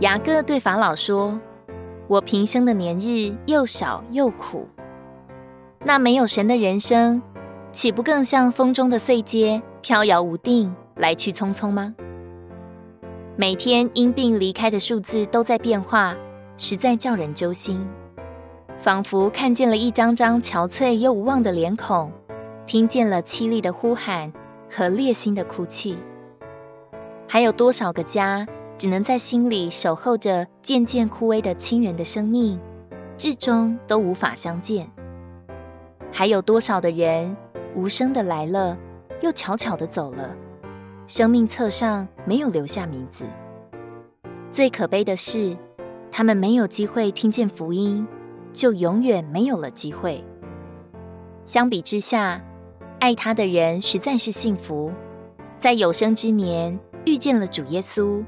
雅各對法老說：“我平生的年日又少又苦，那沒有神的人生，豈不更像風中的碎秸，飄搖無定，來去匆匆嗎？每天因病離開的數字都在變化，實在叫人揪心，仿佛看見了一張張憔悴又無望的臉孔，聽見了淒厲的呼喊和裂心的哭泣，還有多少個家？”只能在心裡守候着漸漸枯萎的親人的生命，至終都無法相見。還有多少的人無聲的來了，又悄悄的走了，生命冊上沒有留下名字。最可悲的是，他們沒有機會聽見福音，就永遠沒有了機會。相比之下，愛他的人實在是幸福，在有生之年遇見了主耶穌。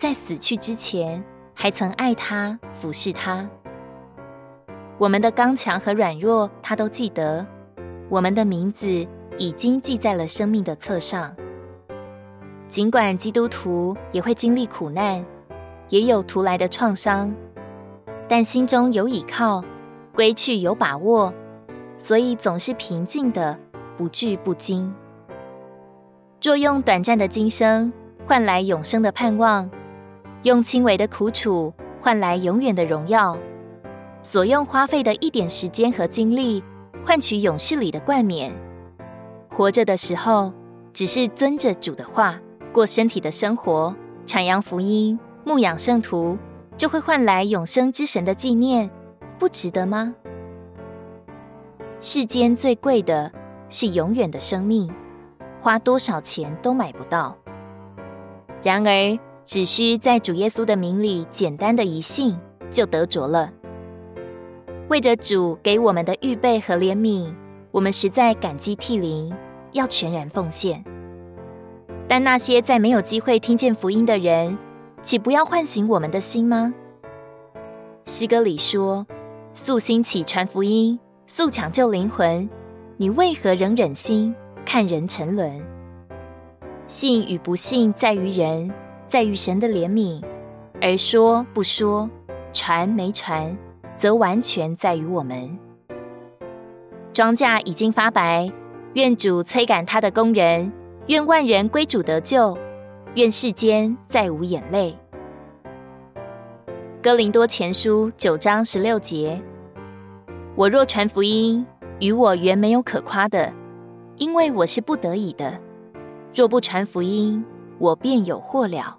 在死去之前，還曾愛他、服侍他。我們的剛強和軟弱，他都記得；我們的名字，已經記在了生命的冊上。儘管基督徒也會經歷苦難，也有突來的創傷，但心中有依靠，歸去有把握，所以總是平靜的，不懼不驚。若用短暫的今生換來永生的盼望。用輕微的苦楚換來永遠的榮耀，所用花費的一點時間和精力，換取永世裡的冠冕。活着的時候，只是遵着主的話，過身體的生活，傳揚福音，牧養聖徒，就會換來永生之神的紀念，不值得嗎？世間最貴的是永遠的生命，花多少錢都買不到。然而。只需在主耶穌的名裡簡單的一信，就得着了。為着主給我們的預備和憐憫，我們實在感激涕零，要全然奉獻。但那些在沒有機會聽見福音的人，豈不要喚醒我們的心嗎？詩歌裡說：“速興起傳福音，速搶救靈魂。你為何仍忍心看人沉淪？”信與不信，在於人。在於神的憐憫，而說不說、傳沒傳，則完全在於我們。莊稼已經發白，願主催趕他的工人，願萬人歸主得救，願世間再無眼淚。哥林多前書九章十六節：我若傳福音，於我原沒有可誇的，因為我是不得已的；若不傳福音，我便有禍了。